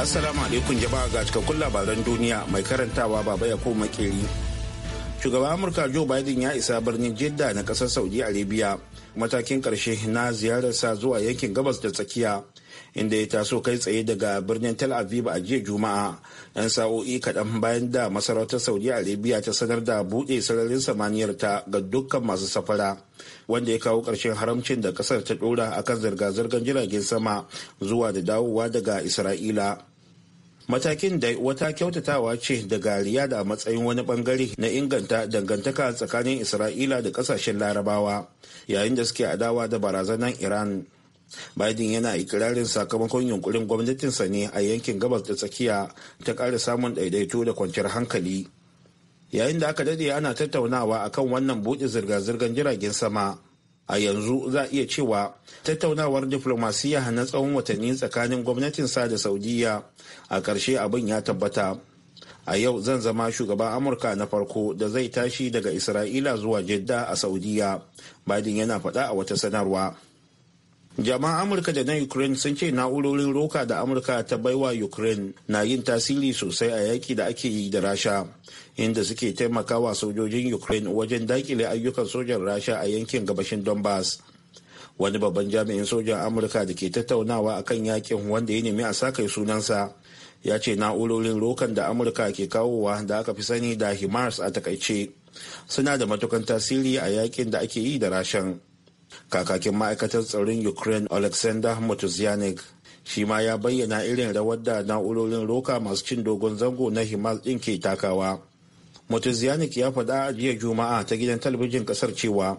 Assalamu alaikum jama'a ga cikakkun labaran duniya mai karantawa baba ya ko makeri. Shugaban Amurka Joe Biden ya isa birnin Jeddah na kasar Saudi Arabia matakin karshe na ziyararsa zuwa yankin gabas da tsakiya inda ya taso kai tsaye daga birnin Tel Aviv a jiya Juma'a dan sa'o'i kaɗan bayan da masarautar Saudi Arabia ta sanar da buɗe sararin samaniyar ta ga dukkan masu safara wanda ya kawo ƙarshen haramcin da ƙasar ta ɗora akan zirga-zirgar jiragen sama zuwa da dawowa daga Isra'ila. matakin da wata kyautatawa ce daga riyada a matsayin wani bangare na inganta dangantaka tsakanin isra'ila da kasashen larabawa yayin da suke adawa da barazanar iran biden yana ikirarin sakamakon yunkurin gwamnatinsa ne a yankin gabas da tsakiya ta ƙara samun daidaito da kwanciyar hankali yayin da aka dade ana tattaunawa akan wannan buɗe zirga-zirgar jiragen sama a yanzu za a iya cewa tattaunawar diflomasiyya na tsawon watanni tsakanin gwamnatin sa da saudiya a ƙarshe abin ya tabbata a yau zan zama shugaban amurka na farko da zai tashi daga isra'ila zuwa jidda a saudiya biden yana faɗa a wata sanarwa jama'an amurka da na ukraine sun ce na'urorin roka da amurka ta baiwa ukraine na yin tasiri sosai a yaki da ake yi da rasha inda suke taimakawa sojojin ukraine wajen dakile ayyukan sojan rasha a yankin gabashin donbass wani babban jami'in sojan amurka da ke tattaunawa a kan yakin wanda ya nemi a sakai sunansa ya ce na'urorin rokan da amurka ke kawowa da aka fi sani da himars a takaice suna da matukan tasiri a yakin da ake yi da rashan kakakin ma'aikatar tsaron ukraine alexander Motuzianik shi ma ya bayyana irin rawar da na'urorin roka masu cin dogon zango na himal ɗin ke takawa Motuzianik ya faɗa a jiya juma'a ta gidan talabijin ƙasar cewa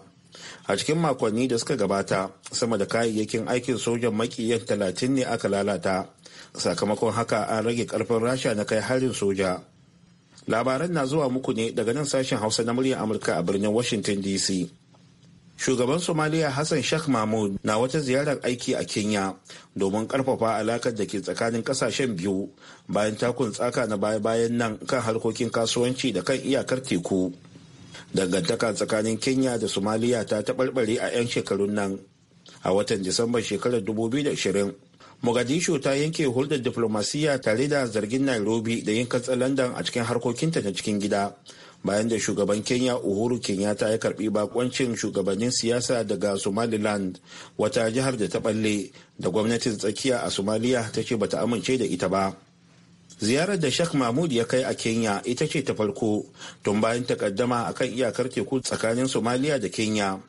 a cikin makonni da suka gabata sama da kayayyakin aikin sojan makiyan talatin ne aka lalata sakamakon haka an rage karfin rasha na kai harin soja labaran na zuwa muku ne daga nan sashen hausa na muryar amurka a birnin washington dc shugaban somaliya hassan sheikh mahmud na wata ziyarar aiki a kenya domin karfafa alakar da ke tsakanin kasashen biyu bayan takun tsaka na baya-bayan nan kan harkokin kasuwanci da kan iyakar teku dangantaka tsakanin kenya da somaliya ta taɓarɓare a 'yan shekarun nan a watan disambar shekarar 2020 mogadishu ta yanke hulɗar diflomasiyya tare da zargin nairobi da yin katsalandan a cikin harkokinta na cikin gida bayan da shugaban kenya uhuru kenyatta ya karbi bakoncin shugabannin siyasa daga somaliland wata jihar da ta balle da gwamnatin tsakiya a somaliya ta ce bata amince da ita ba ziyarar da sheikh mahmud ya kai a kenya ita ce ta farko tun bayan takaddama akan iyakar teku tsakanin somaliya da kenya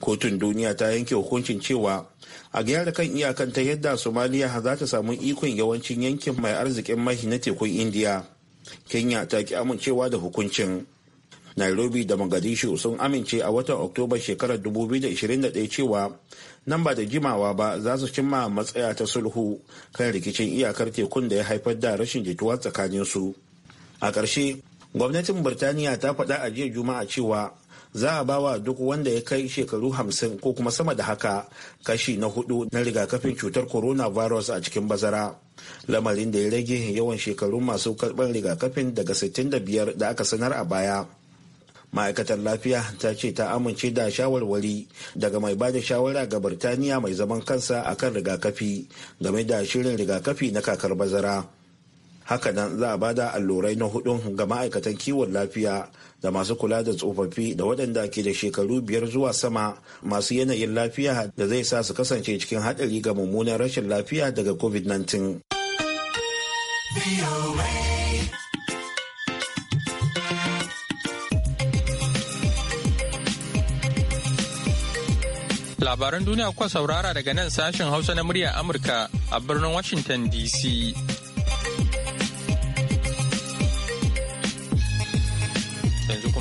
kotun duniya ta yanke hukuncin cewa a gyara kan iyakan ta yadda somaliya za ta samu ikon yawancin yankin mai arzikin mahi na tekun indiya kenya ta ki amincewa da hukuncin nairobi da mogadishu sun amince a watan oktoba shekarar 2021 cewa nan ba da jimawa ba za su cimma matsaya ta sulhu kan rikicin iyakar tekun da ya haifar da rashin jituwa tsakaninsu a ƙarshe gwamnatin birtaniya ta faɗa a jiya juma'a cewa za a bawa duk wanda ya kai shekaru hamsin ko kuma sama da haka kashi na hudu na rigakafin cutar coronavirus a cikin bazara lamarin da ya rage yawan shekaru masu karɓar rigakafin daga 65 da aka sanar a baya ma'aikatar lafiya ta ce ta amince da shawarwari daga mai bada shawara ga birtaniya mai zaman kansa akan rigakafi game da shirin rigakafi na kakar bazara haka hakanan za a bada allurai na hudun ga ma'aikatan kiwon lafiya da masu kula da tsofaffi da waɗanda ke da shekaru biyar zuwa sama masu yanayin lafiya da zai sa su kasance cikin haɗari ga mummunan rashin lafiya daga covid-19 Labaran duniya kuka saurara daga nan sashen Hausa na muryar Amurka a birnin Washington DC.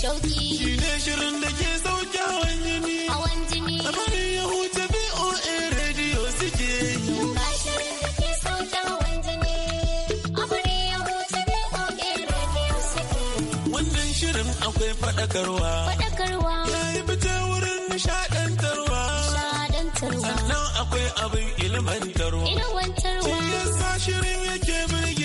shauki. Shi ne shirin da ke sauke hawan jini. Hawan jini. A bari ya huce BOA radio suke yi. Ba shirin da ke sauke hawan jini. A bari ya huce BOA radio suke yi. Wannan shirin akwai faɗakarwa. Faɗakarwa. Ya yi fita wurin nishaɗantarwa. Nishaɗantarwa. Sannan akwai abin ilmantarwa. Ilmantarwa. Shi yasa shirin yake birge.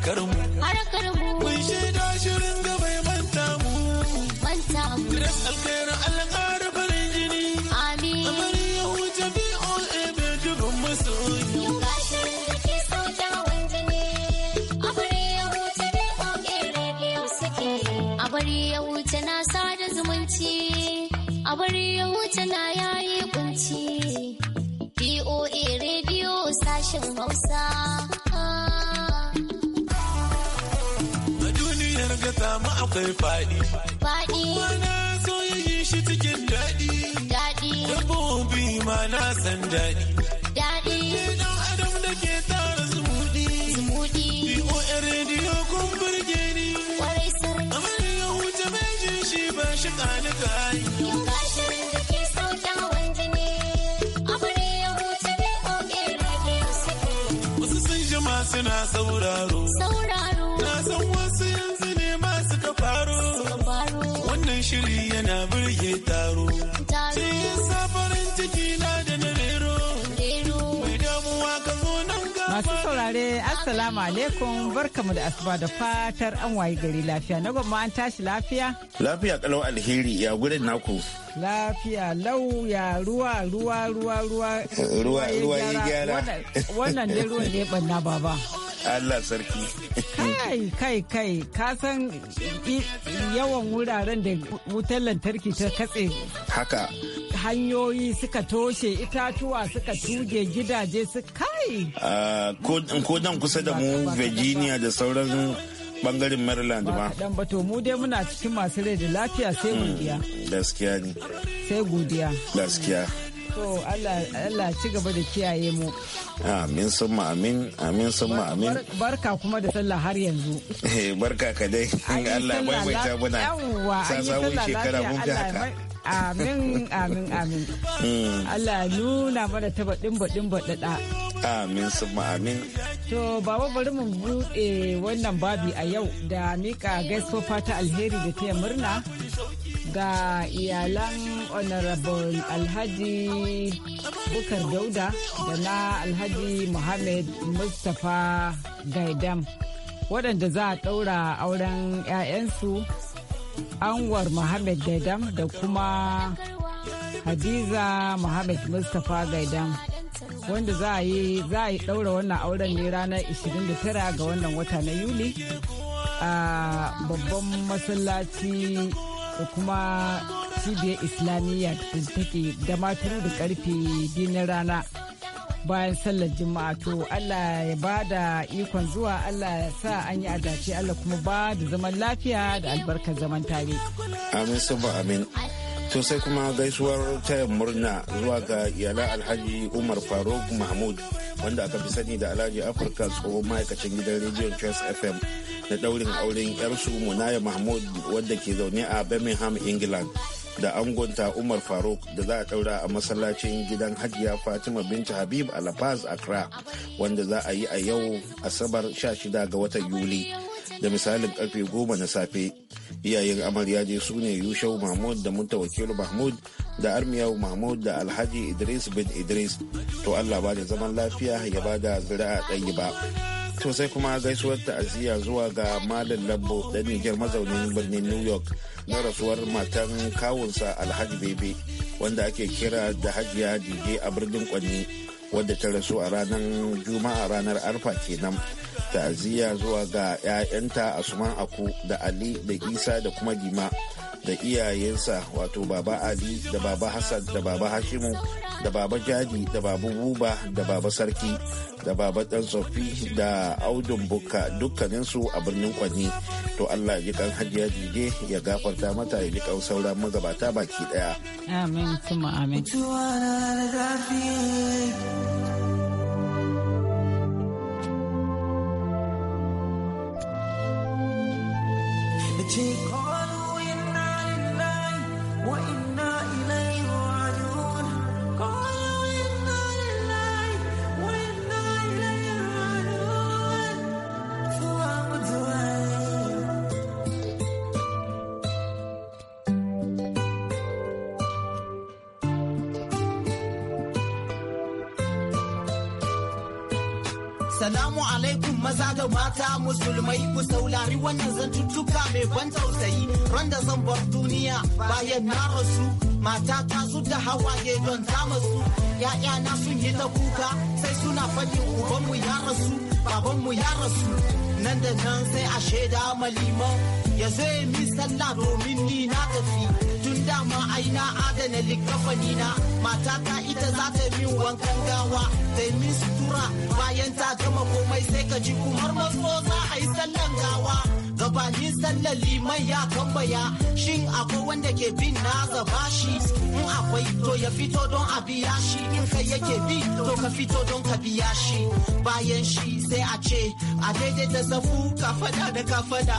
harakar mu mun shaida shirin gaba ya manta mu Grace alkhairu alƙara farin jini amin amari ya huce BOA bai dubin masoyi bari wuce na sada zumunci a bari ya wuce na yayi kunci BOA rediyo sashen Hausa kai faɗi. Faɗi. Wana so yi shi cikin daɗi. Daɗi. Dabbobi ma na san daɗi. Daɗi. Ɗan adam da ke tara zumuɗi. Zumuɗi. BOA rediyo kun burge ni. Kwarai sirri. Amma yau ta mai shi ba shi ƙani ƙani. taro. Assalamu alaikum barkamu da asuba da fatar an wayi gari lafiya na gwamma an tashi lafiya? Lafiya kalau alheri ya gudun naku. Lafiya lau ya ruwa ruwa ruwa ruwa ruwa ruwa ya gyara. Wannan dai ruwan ne banna baba. Allah sarki. Kai kai kai ka san yawan wuraren da wutar lantarki ta katse. Haka. hanyoyi suka toshe itatuwa suka tuge gidaje su kai ah, ko dan kusa da mu virginia da sauran bangaren maryland ba dan ba to mu dai muna cikin masu rai da lafiya sai hmm, godiya gaskiya ne sai godiya gaskiya To Allah ci gaba da kiyaye mu. Amin summa amin, amin summa amin. Barka kuma da sallah har yanzu. Eh barka ka dai. Allah bai bai ta muna. sa wuce kara mun lafiya haka Amin, amin, amin. Hmm. Allah nuna mana ta baɗin baɗin baɗaɗa. Amin, amin. To, baba bari mu buɗe wannan babi a yau da mika gaisuwa fata alheri da taya murna ga iyalan honorable alhaji bukar dauda da na alhaji muhammad mustapha gaidam waɗanda za a ɗaura auren 'ya'yansu anwar Muhammad Gaidam da kuma Hadiza Muhammad Mustapha Gaidam. wanda za a yi za ɗaura wannan auren ne ranar 29 ga wannan wata na yuli a babban masallaci da kuma cibiyar islamiyya da take da matar da karfe biyu na rana bayan sallar juma'a to Allah ya ba da ikon zuwa Allah ya sa an yi adace Allah kuma ba da zaman lafiya da albarkar zaman tare. Amin sabba amin. To sai kuma gaisuwar taya murna zuwa ga iyalan Alhaji Umar Faruk Mahmud wanda aka fi sani da Alhaji Afirka tsohon ma'aikacin gidan rediyon Chess FM na daurin auren yarsu Munaya Mahmud wadda ke zaune a Birmingham, England. da angonta umar faruk da za a ɗaura a masallacin gidan hajiya fatima binta habib a la paz wanda za a yi a yau asabar 16 ga watan yuli da misalin karfe 10 na safe iyayen amarya je su ne yushau mahmud da wakilu mahmud da armiyau mahmud da alhaji idris bin idris to allah ba da zaman lafiya ya ba da a ɗayi ba to kuma gaisuwar ta'aziyya zuwa ga malam lambo da niger mazaunin birnin new york na rasuwar matan kawunsa alhaji bebe wanda ake kira da hajiya dige a birnin kwanni wadda ta rasu a ranar juma'a ranar arfa kenan ta'aziyya zuwa ga 'ya'yanta asuman aku da ali da isa da kuma dima da iyayensa wato baba ali da baba hassan da baba hashimu da baba jadi da baba buba da baba sarki da baba dan tsofi da audun bukka dukkaninsu a birnin kwanni to allah ji kan hajiya jije ya gafarta mata ya liƙa sauran magabata baki daya amin kuma amin mata musulmai ku saulari wannan zantuttuka mai ban tausayi ran da zan bar duniya bayan na rasu mata ta su da hawaye don ta masu ya'ya na sun yi ta kuka sai suna fadi ubanmu ya rasu babanmu ya rasu nan da nan sai a shaida maliman ya zo min sallah domin ni na tafi tun dama ai na adana likafani na matata ita za ta min wankan gawa ta min sutura bayan ta gama komai sai ka ji kumar maso za a yi sallan gawa gabanin sallan liman ya tambaya shin akwai wanda ke bin na gaba shi in akwai to ya fito don a biya shi in kai yake bi to ka fito don ka biya shi bayan shi sai a ce a daidai da zafu ka fada da ka fada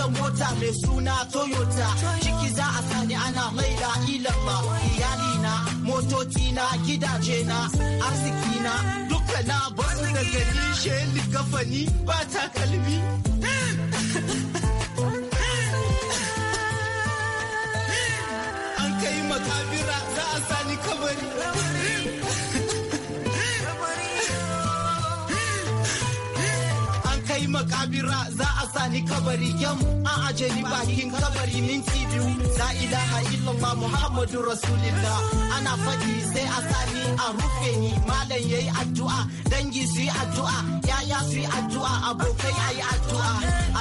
wata mota mai suna Toyota ciki za a sani ana mai da iyali iyalina motoci na gidaje na arziki na duka na basu da gani sheli kafani ba takalmi an kai makabira za a sani kabari an kai makabira za a sani kabari gemu an aje ni bakin kabari minti biyu la ilaha illallah muhammadu rasulillah ana faɗi sai a sani a rufe ni malam yayi addu'a dangi su yi addu'a yaya su yi addu'a abokai a yi addu'a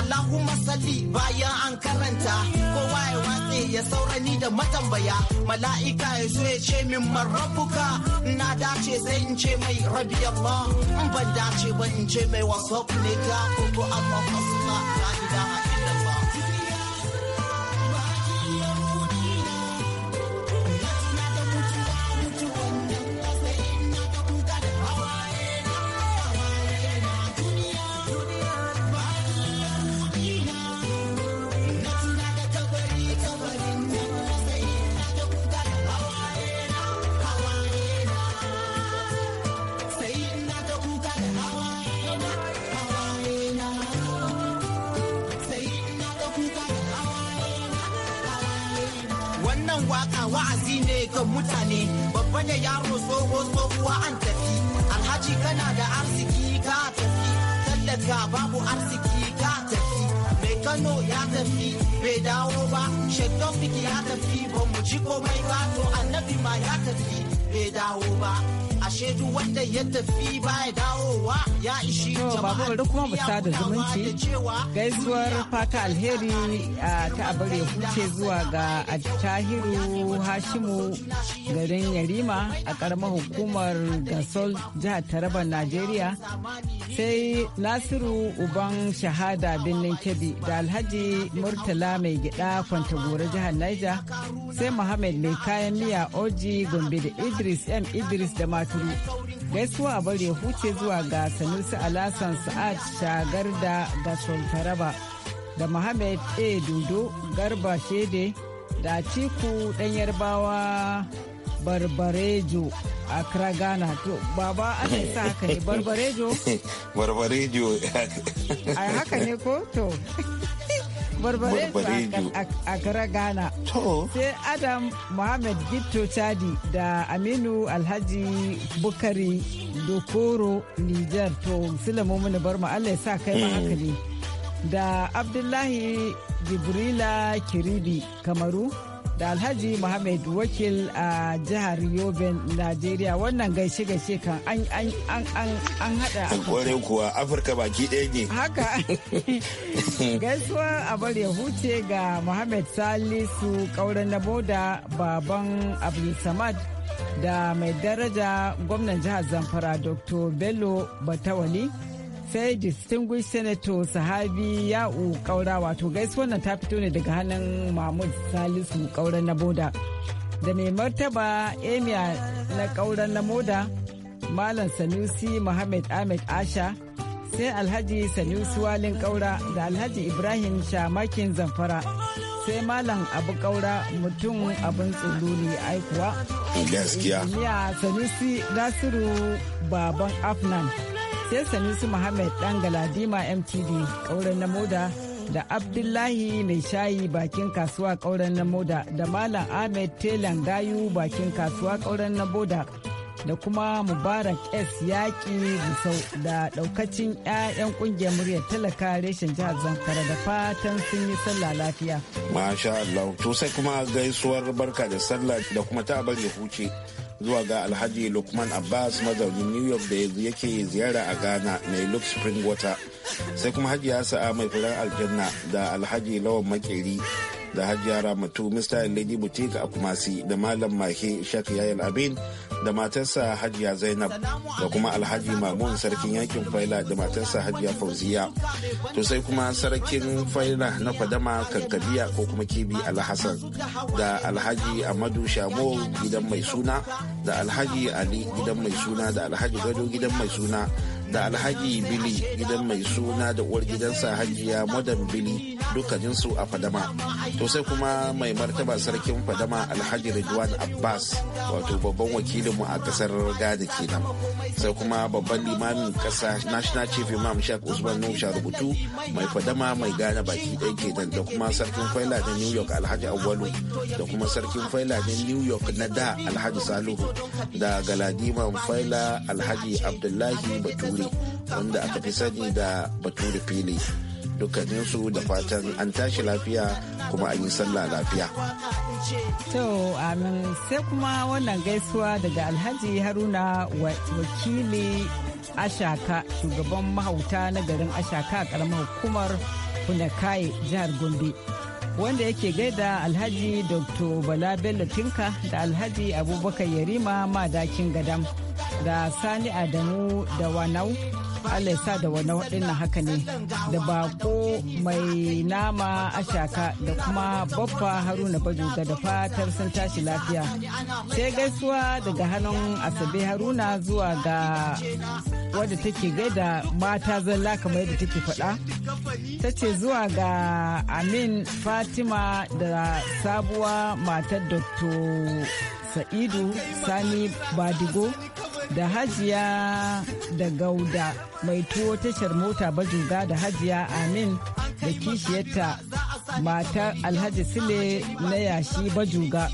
allahumma salli bayan an karanta kowa ya watse ya saurani da matambaya mala'ika ya zo ya ce min marabuka na dace sai in ce mai rabi yamma in ban dace ba in ce mai wasu ne ka kuku Allah Allah la ilaha waka wa'azi ne ga mutane babba ya yaro tsoho tsohuwa an tafi alhaji kana da arziki ka tafi tallaka babu arziki ka tafi mai kano ya tafi bai dawo ba shaddon ya tafi ba mu ji komai ba to annabi ma ya tafi bai dawo ba ashe duk wanda ya tafi baya dawowa ya ishi jama'a kuma mu da zumunci gaisuwar fata alheri uh, ta abar ya huce zuwa ga Tahiru hashimu garin yarima a karamar hukumar gasol jihar taraba najeriya sai nasiru uban shahada birnin kebbi da alhaji murtala mai gida kwantagora jihar niger sai Mohammed mai kayan miya oji gombe da idris m idris da mata Damaturu. Gaisuwa a bari huce zuwa ga Sanusi Alasan Sa'ad Shagarda ga Taraba da Mohammed A. Dodo Garba Shede da Ciku ɗan Yarbawa Barbarejo Accra Ghana to baba yi sa haka ne Barbarejo? Barbarejo. A haka ne ko to. barbare a kara ghana sai adam muhammed gito chadi da aminu alhaji bukari dokoro niger to silamu mini bar allah ya sa kai ma mm. da abdullahi jibrila kiribi kamaru da alhaji Muhammad wakil a jihar yobin Najeriya wannan gaishe gaishe kan an an an an an hada kwarai kuwa Afirka baki ɗaya ne haka gaisuwa a bar ya huce ga Muhammad Salisu kauren na boda baban Abdulsamad da mai daraja gwamnan jihar Zamfara Dr. Bello Batawali sai distinguished senator sahabi ya'u kaura wato gaisuwar wannan ta fito ne daga hannun mahmud salisu Kauran na boda da mai martaba emir na Kauran na moda malam sanusi muhammad ahmed asha sai alhaji sanusi walin kaura da alhaji ibrahim shamakin zamfara sai malam abu kaura mutum abin tsoro ne aikuwa gaskiya sanusi nasiru baban afnan sai sanusi muhammad dan galadima mtd kauren na moda da abdullahi mai shayi bakin kasuwa kauren na moda da malam ahmed telan gayu bakin kasuwa kauren na boda da kuma mubarak s yaƙi busau da ɗaukacin 'ya'yan ƙungiyar muryar talaka reshen jihar zankara da fatan sun yi sallah lafiya masha allah to sai kuma gaisuwar barka da sallah da kuma ta huce zuwa ga alhaji lukman abbas mazaunin new york da yake ziyara a ghana mai luke spring water sai kuma hajiya sa'a mai firar aljanna da alhaji lawan makeri da hajjara mutu mista lady butika a kumasi da malam mahe shak yayin abin da matarsa hajiya zainab da kuma alhaji mamun sarkin yankin faila da matarsa hajiya fauziya to sai kuma sarkin faila na kwadama kankabiya ko kuma kibi alhassan da alhaji amadu shamo gidan mai suna da alhaji ali gidan mai suna da alhaji gado gidan mai suna da alhaji bili gidan mai suna da uwar gidansa hajiya modern bili dukkaninsu a fadama to sai kuma mai martaba sarkin fadama alhaji ridwan abbas wato babban wakilinmu a kasar gada kenan sai kuma babban limamin kasa national chief imam shak usman nusha rubutu mai fadama mai gane baki ɗaya kenan da kuma sarkin faila na new york alhaji awwalu da kuma sarkin faila na new york na da alhaji saluhu da galadiman faila alhaji abdullahi baturi fili wanda aka fi sani da bature fili dukkaninsu da fatan an tashi lafiya kuma an yi sallah lafiya. To amin sai kuma wannan gaisuwa daga Alhaji Haruna wakili Ashaka shugaban mahauta na garin Ashaka a karamar hukumar Funakaye jihar Gombe. Wanda yake gaida Alhaji Dr. Bala Bello Tinka da Alhaji Abubakar Yarima Madakin Gadam. da Sani Adamu da Wanau. Allah ya sa da wani waɗannan haka ne da bako mai nama ashaka da kuma babba haruna bajuga da fatar sun tashi lafiya sai gaisuwa daga hannun asabe haruna zuwa ga wadda take gaida mata zalla kamar yadda take faɗa ta ce zuwa ga amin fatima da sabuwa matar dr sa'idu sani badigo da hajiya da gauda mai tuwo tashar mota bajuga da hajiya amin da kishiyarta matar alhaji sile na yashi bajuga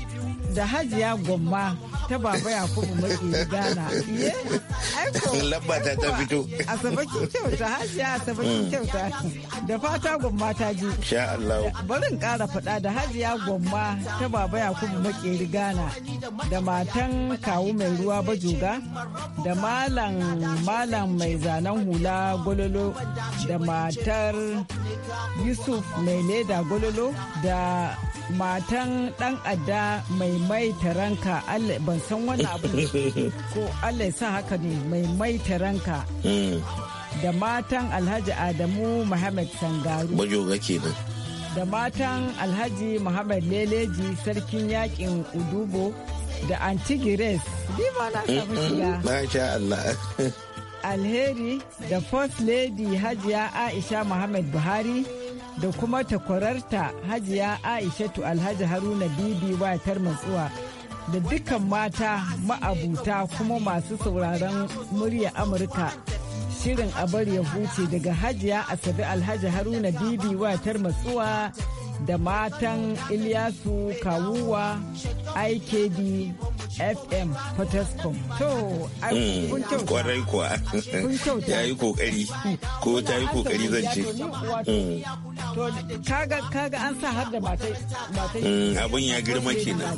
da hajiya gwamma ta baba ya kuma mace gana eh, lamba ta ta fito asabakin kyauta hajiya asabakin mm. kyauta da fata gwamma ta ji sha Allah barin kara fada da hajiya gwamma ta baba ya kuma makeri gana da matan kawu mai ruwa bajoga da malam malam mai zanen hula gololo da matar yusuf mai leda gololo da matan dan adda mai mai taranka ban san wannan abin ko Allah ya sa haka ne mai maita ranka hmm. da matan Alhaji Adamu Muhammad Sangaru. Bajoga nan. Da matan Alhaji Muhammad Leleji sarkin yakin Udubo da Antigires. diva na samu hmm, hmm. shiga. Allah. Alheri da First Lady Hajiya Aisha Muhammad Buhari da kuma takwararta Hajiya Aishatu Alhaji Haruna Bibi watar matsuwa. da dukkan mata ma'abuta kuma masu sauraron murya Amurka. Shirin a bari ya huce daga Hajiya Asabe Alhaji Haruna Bibi watar matsuwa da matan Ilyasu Kawuwa IKD FM Potescom. To, hmm, kun Kwarai kuwa. Ya yi kokari. Ko ta yi kokari zan ce. Hmm. To, kaga kaga an sa har da matai. Hmm, Abin ya girma kenan.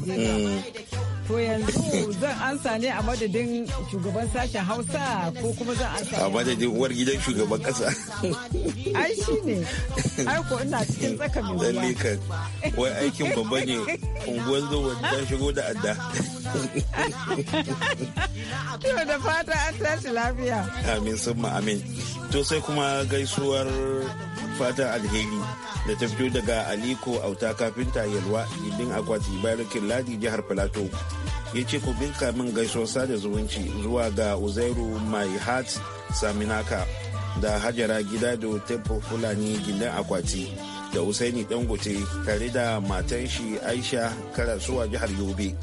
To yanzu zan ansa ne a madadin shugaban sashen Hausa ko kuma zan ansa. A madadin uwar gidan shugaban kasa. Ai shi ne. Ai ko ina cikin tsaka mai ruwa. Lalle kan. Wai aikin babba ne. Unguwar zo ta shigo da adda. To da fata an tashi lafiya. Amin sun amin. To sai kuma gaisuwar fata alheri da ta fito daga Aliko Auta kafinta Yalwa gindin akwati barikin ladi jihar Filato. Ya ce ku binka min gaisuwar sada zumunci zuwa ga Uzairu Mai Heart Saminaka da Hajara Gida da Tempo Fulani gindin akwati da Usaini Dangote tare da matan shi Aisha Karasuwa jihar Yobe.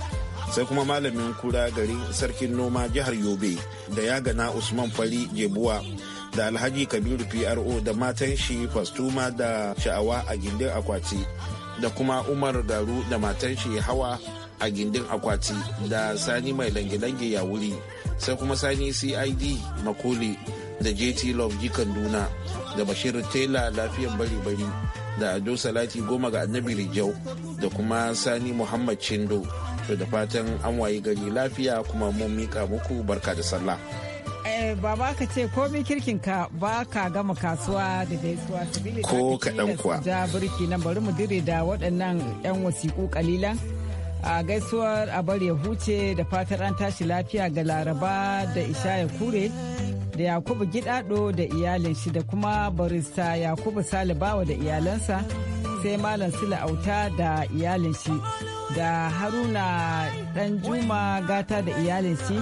sai kuma malamin kura garin sarkin noma jihar yobe da ya gana usman fari jebuwa da alhaji kabiru pro da matan shi fastuma da sha'awa a gindin akwati da kuma umar garu da matan shi hawa a gindin akwati da sani mai lange-lange ya wuri sai kuma sani cid makoli da jt love duna da bashir tela lafiyan bari-bari da ado salati goma ga annabi rijau da kuma sani muhammad chindo to da fatan an wayi gani lafiya kuma mun mika muku barka da sallah eh, baba ka ce komi kirkin ka ba ka gama kasuwa da gaisuwa ko kaɗan kuwa ja birki nan bari mu dire da waɗannan 'yan wasiƙu kalilan a gaisuwar a bari ya huce da fatar an tashi lafiya ga laraba da ishaya kure da yakubu gidado da iyalin shi da kuma barista yakubu salibawa da iyalansa sai malam sila auta da iyalin shi da haruna dan juma gata da iyalinsi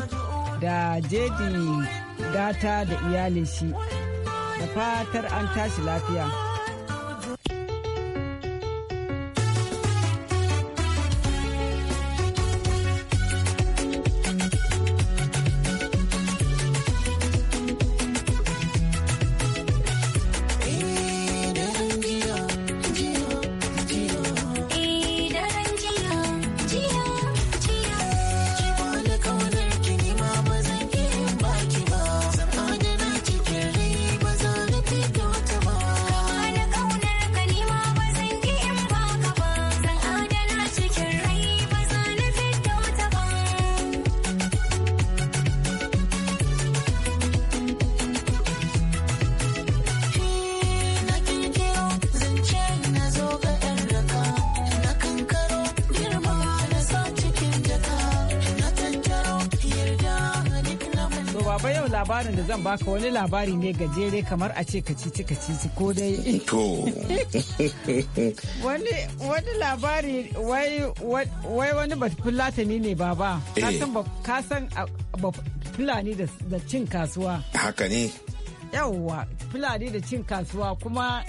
da jedi gata da iyalinsi da fatar an tashi lafiya baba yau labarin da zan baka wani labari ne gajere kamar a ce kacici kacici ko dai. To. Wani labari wai wani ba bafulatani ne baba. Ka eh. san fulani da cin kasuwa. Haka ne. Yawwa fulani da cin kasuwa kuma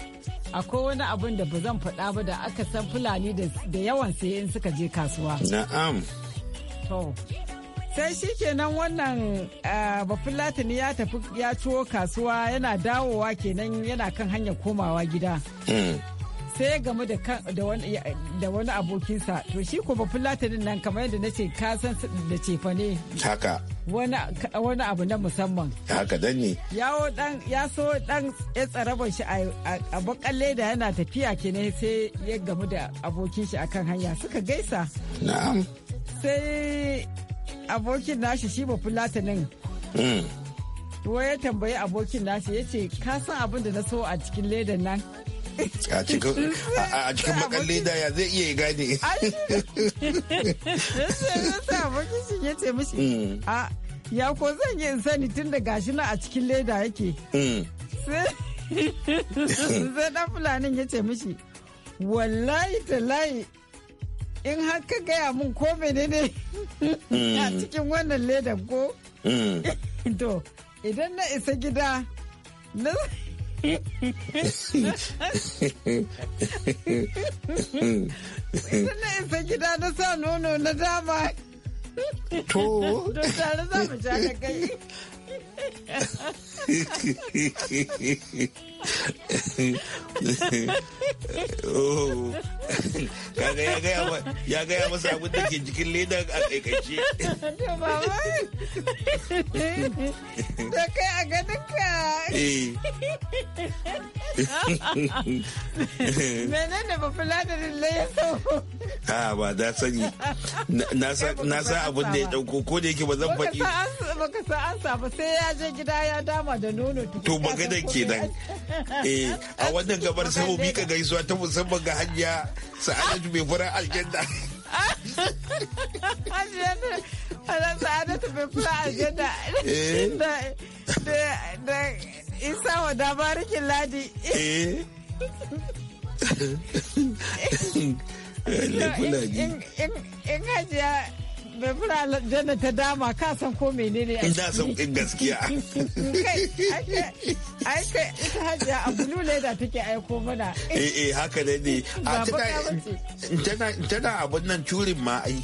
akwai wani abin da ba zan faɗa ba da aka san fulani da yawan sayan suka je kasuwa. Na'am. To. sai shi kenan wannan latini ya tafi ya ciwo kasuwa yana dawowa kenan yana kan hanyar komawa gida hmm. sai ya gamu da wani abokinsa to shi ko latinin nan kamar yadda na ce kasan da cefa ne haka wani abu na musamman haka dan ne ya so dan ya tsaraban shi a bakan leda yana tafiya kenan sai ya gamu da abokin shi akan hanya suka gaisa na'am sai abokin nashi shi ba fulata nan hmm. Tuwa ya tambayi abokin nashi ya ce ka san abin da na so a cikin ledan nan a cikin bakan leda ya zai iya gane sai abokin shi ya ce mishi hmm. a ya ko zan yi sani tun da gashi na a cikin leda yake hmm. sai dan fulanin ya ce mishi wallahi layi. in har ka gaya mun ko menene hmm. a cikin wannan ledar ko hmm. to idan na isa gida na idan na isa gida na sa nono na dama to tare za mu ja kai oh ya gaya masa abin da ke jikin leda a kaikaice da kai a ganin ka eh. menene ba fulatanin ne ya sau a ba da sani na sa abin da ya dauko ko da yake ba zan faɗi baka sa ansa ba sai ya je gida ya dama da nono to magana kenan eh a wannan gabar bi ka gaisuwa ta musamman ga hanya sa'adatu mai fara aljanna Sa'adatu bai fura aljanna eh. da isa wa dabarikin ladi eh. Eh, in hajiya bai fura aljanna ta dama ka san ko menene a da san in gaskiya ai kai ita hajiya a bulu da take aiko mana eh eh haka ne ne a tana tana abun nan curin ma ai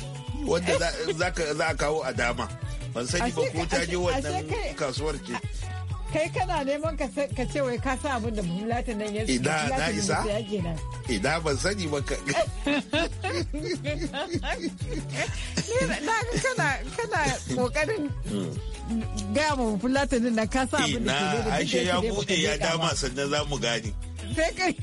wanda za a kawo a dama ban sani ba ko ta je wannan kasuwar ce kai kana neman ka ce wai ka sa abin da bulata nan ya ida na isa ida ban sani ba ka na kana kana kokarin hmm. gaya ma bulata nan ka sa abin da ke da ya bude ya dama sannan za mu gani sai kai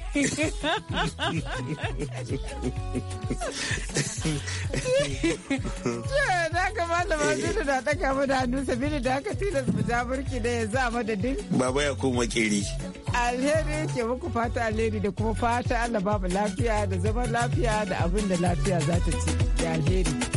da ka malama zuru da ɗaga mu da hannu sabili da aka tilas mu ja burki da yanzu a madadin baba ya koma alheri ke muku fata alheri da kuma fata Allah babu lafiya da zaman lafiya da abin da lafiya za ta ci da alheri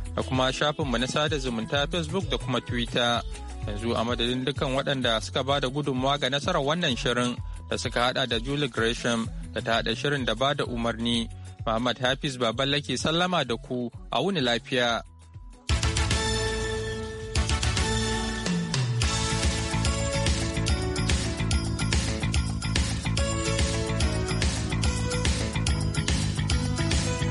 da kuma mu na sada zumunta facebook da kuma twitter yanzu a madadin dukkan waɗanda suka ba da gudunmawa ga nasarar wannan shirin da suka hada da julie gresham da ta hada shirin da ba da umarni muhammad hafiz baballake sallama da ku a wuni lafiya